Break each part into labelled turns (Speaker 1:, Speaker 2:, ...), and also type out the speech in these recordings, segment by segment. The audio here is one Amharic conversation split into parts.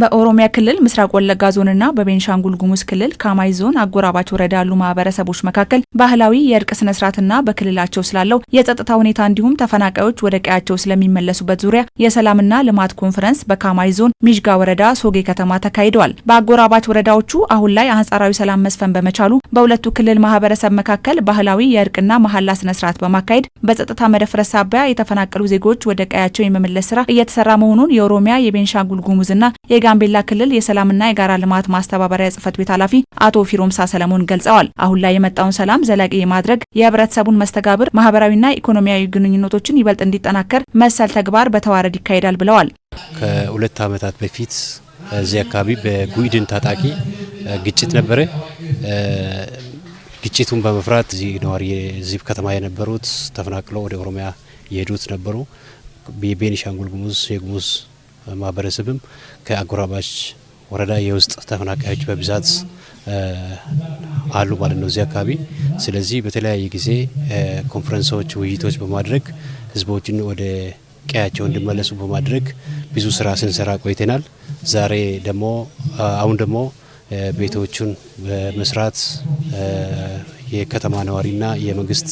Speaker 1: በኦሮሚያ ክልል ምስራቅ ወለጋ ዞንና በቤንሻንጉል ጉሙዝ ክልል ካማይ ዞን አጎራባች ወረዳ ያሉ ማህበረሰቦች መካከል ባህላዊ የእርቅ ስነስርዓትና በክልላቸው ስላለው የጸጥታ ሁኔታ እንዲሁም ተፈናቃዮች ወደ ቀያቸው ስለሚመለሱበት ዙሪያ የሰላምና ልማት ኮንፈረንስ በካማይ ዞን ሚዥጋ ወረዳ ሶጌ ከተማ ተካሂደዋል። በአጎራባች ወረዳዎቹ አሁን ላይ አንጻራዊ ሰላም መስፈን በመቻሉ በሁለቱ ክልል ማህበረሰብ መካከል ባህላዊ የእርቅና መሐላ ስነስርዓት በማካሄድ በጸጥታ መደፍረስ ሳቢያ የተፈናቀሉ ዜጎች ወደ ቀያቸው የመመለስ ስራ እየተሰራ መሆኑን የኦሮሚያ የቤንሻንጉል ጉሙዝና የጋምቤላ ክልል የሰላምና የጋራ ልማት ማስተባበሪያ ጽህፈት ቤት ኃላፊ አቶ ፊሮምሳ ሰለሞን ገልጸዋል። አሁን ላይ የመጣውን ሰላም ዘላቂ የማድረግ የህብረተሰቡን መስተጋብር፣ ማህበራዊና ኢኮኖሚያዊ ግንኙነቶችን ይበልጥ እንዲጠናከር መሰል ተግባር በተዋረድ ይካሄዳል ብለዋል።
Speaker 2: ከሁለት ዓመታት በፊት እዚህ አካባቢ በጉድን ታጣቂ ግጭት ነበረ። ግጭቱን በመፍራት እዚህ ነዋሪ የዚህ ከተማ የነበሩት ተፈናቅለው ወደ ኦሮሚያ የሄዱት ነበሩ። የቤኒሻንጉል ጉሙዝ የጉሙዝ ማህበረሰብም ከአጎራባች ወረዳ የውስጥ ተፈናቃዮች በብዛት አሉ ማለት ነው እዚህ አካባቢ። ስለዚህ በተለያየ ጊዜ ኮንፈረንሶች፣ ውይይቶች በማድረግ ህዝቦችን ወደ ቀያቸው እንዲመለሱ በማድረግ ብዙ ስራ ስንሰራ ቆይተናል። ዛሬ ደግሞ አሁን ደግሞ ቤቶቹን በመስራት የከተማ ነዋሪና የመንግስት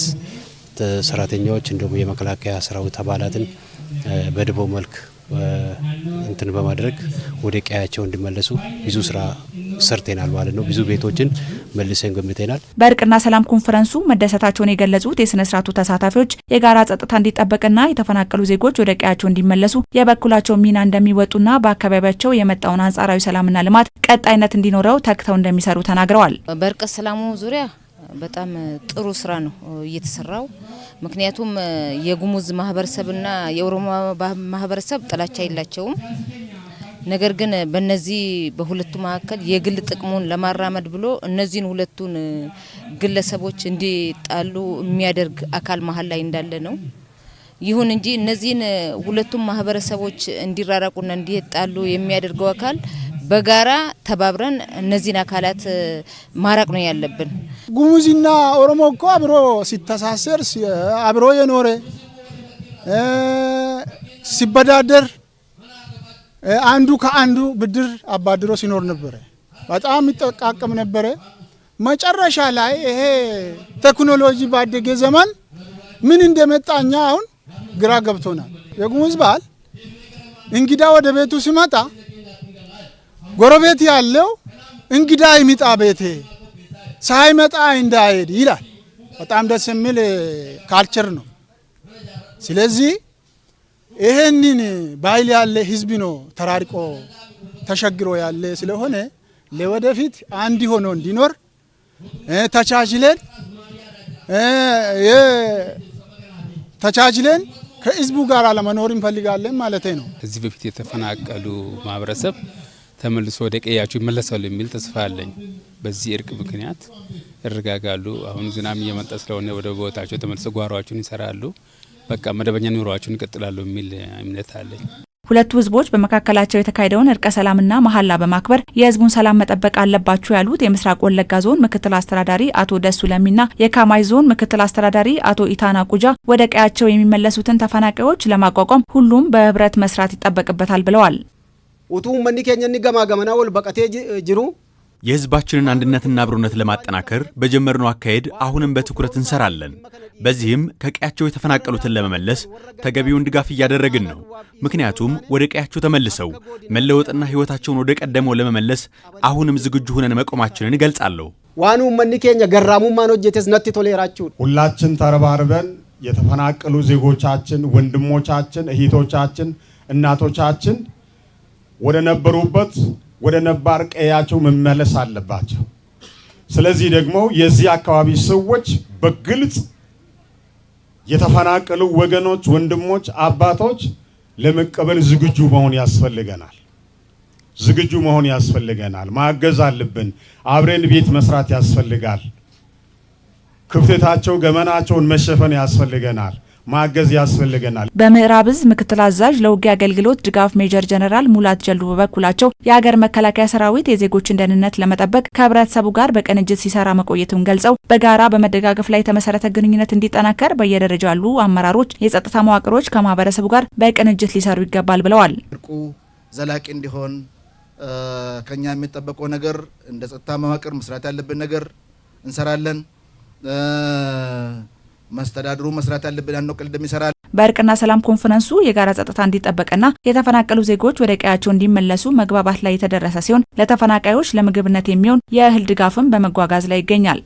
Speaker 2: ሰራተኛዎች እንዲሁም የመከላከያ ሰራዊት አባላትን በድቦ መልክ እንትን በማድረግ ወደ ቀያቸው እንዲመለሱ ብዙ ስራ ሰርተናል ማለት ነው። ብዙ ቤቶችን መልሰን ገንብተናል።
Speaker 1: በእርቅና ሰላም ኮንፈረንሱ መደሰታቸውን የገለጹት የስነ ስርዓቱ ተሳታፊዎች የጋራ ጸጥታ እንዲጠበቅና የተፈናቀሉ ዜጎች ወደ ቀያቸው እንዲመለሱ የበኩላቸው ሚና እንደሚወጡና በአካባቢያቸው የመጣውን አንጻራዊ ሰላምና ልማት ቀጣይነት እንዲኖረው ተግተው እንደሚሰሩ ተናግረዋል።
Speaker 3: በእርቀ ሰላሙ ዙሪያ በጣም ጥሩ ስራ ነው እየተሰራው ምክንያቱም የጉሙዝ ማህበረሰብና የኦሮሞ ማህበረሰብ ጥላቻ የላቸውም። ነገር ግን በነዚህ በሁለቱ መካከል የግል ጥቅሙን ለማራመድ ብሎ እነዚህን ሁለቱን ግለሰቦች እንዲጣሉ የሚያደርግ አካል መሀል ላይ እንዳለ ነው። ይሁን እንጂ እነዚህን ሁለቱም ማህበረሰቦች እንዲራራቁና እንዲጣሉ የሚያደርገው አካል በጋራ ተባብረን እነዚህን አካላት ማራቅ ነው ያለብን።
Speaker 4: ጉሙዝና ኦሮሞ እኮ አብሮ ሲተሳሰር አብሮ የኖረ ሲበዳደር አንዱ ከአንዱ ብድር አባድሮ ሲኖር ነበረ። በጣም ይጠቃቀም ነበረ። መጨረሻ ላይ ይሄ ቴክኖሎጂ ባደገ ዘመን ምን እንደመጣ እኛ አሁን ግራ ገብቶናል። የጉሙዝ በዓል እንግዳ ወደ ቤቱ ሲመጣ ጎረቤት ያለው እንግዳ ይምጣ ቤቴ ሳይመጣ እንዳይሄድ ይላል። በጣም ደስ የሚል ካልቸር ነው። ስለዚህ ይህንን ባህል ያለ ህዝብ ነው ተራርቆ ተሸግሮ ያለ ስለሆነ ለወደፊት አንድ ሆኖ እንዲኖር ተቻችለን ተቻችለን ከህዝቡ ጋር ለመኖር እንፈልጋለን ማለት ነው።
Speaker 2: ከዚህ በፊት የተፈናቀሉ ማህበረሰብ ተመልሶ ወደ ቀያቸው ይመለሳሉ የሚል ተስፋ አለኝ። በዚህ እርቅ ምክንያት እረጋጋሉ። አሁን ዝናም እየመጣ ስለሆነ ወደ ቦታቸው ተመልሶ ጓሯቸውን ይሰራሉ። በቃ መደበኛ ኑሯቸውን ይቀጥላሉ የሚል እምነት አለኝ።
Speaker 1: ሁለቱ ህዝቦች በመካከላቸው የተካሄደውን እርቀ ሰላምና መሀላ በማክበር የህዝቡን ሰላም መጠበቅ አለባቸው ያሉት የምስራቅ ወለጋ ዞን ምክትል አስተዳዳሪ አቶ ደሱ ለሚና የካማይ ዞን ምክትል አስተዳዳሪ አቶ ኢታና ቁጃ ወደ ቀያቸው የሚመለሱትን ተፈናቃዮች ለማቋቋም ሁሉም በህብረት መስራት ይጠበቅበታል ብለዋል።
Speaker 5: utuu uummanni keenya inni gamaa gamanaa wal baqatee jiru
Speaker 6: የህዝባችንን አንድነትና አብሮነት ለማጠናከር በጀመርነው አካሄድ አሁንም በትኩረት እንሰራለን። በዚህም ከቀያቸው የተፈናቀሉትን ለመመለስ ተገቢውን ድጋፍ እያደረግን ነው። ምክንያቱም ወደ ቀያቸው ተመልሰው መለወጥና ህይወታቸውን ወደ ቀደመው ለመመለስ አሁንም ዝግጁ ሁነን መቆማችንን እገልጻለሁ።
Speaker 5: ዋኑ መኒ ኬኛ ገራሙማን ሆጀቴስ ነቲ ቶሌራችሁ
Speaker 7: ሁላችን ተረባርበን የተፈናቀሉ ዜጎቻችን፣ ወንድሞቻችን፣ እህቶቻችን፣ እናቶቻችን ወደ ነበሩበት ወደ ነባር ቀያቸው መመለስ አለባቸው። ስለዚህ ደግሞ የዚህ አካባቢ ሰዎች በግልጽ የተፈናቀሉ ወገኖች፣ ወንድሞች፣ አባቶች ለመቀበል ዝግጁ መሆን ያስፈልገናል። ዝግጁ መሆን ያስፈልገናል። ማገዝ አለብን። አብረን ቤት መስራት ያስፈልጋል። ክፍተታቸው ገመናቸውን መሸፈን ያስፈልገናል። ማገዝ ያስፈልገናል።
Speaker 1: በምዕራብ እዝ ምክትል አዛዥ ለውጊ አገልግሎት ድጋፍ ሜጀር ጀነራል ሙላት ጀሉ በበኩላቸው የሀገር መከላከያ ሰራዊት የዜጎችን ደህንነት ለመጠበቅ ከህብረተሰቡ ጋር በቅንጅት ሲሰራ መቆየቱን ገልጸው በጋራ በመደጋገፍ ላይ የተመሰረተ ግንኙነት እንዲጠናከር በየደረጃው ያሉ አመራሮች፣ የጸጥታ መዋቅሮች ከማህበረሰቡ ጋር በቅንጅት ሊሰሩ ይገባል ብለዋል።
Speaker 8: እርቁ ዘላቂ እንዲሆን ከኛ የሚጠበቀው ነገር እንደ ጸጥታ መዋቅር መስራት ያለብን ነገር እንሰራለን። መስተዳድሩ መስራት ያለብን ያነው ቅልድ
Speaker 1: በእርቅና ሰላም ኮንፈረንሱ የጋራ ጸጥታ እንዲጠበቅና የተፈናቀሉ ዜጎች ወደ ቀያቸው እንዲመለሱ መግባባት ላይ የተደረሰ ሲሆን ለተፈናቃዮች ለምግብነት የሚሆን የእህል ድጋፍም በመጓጓዝ ላይ ይገኛል።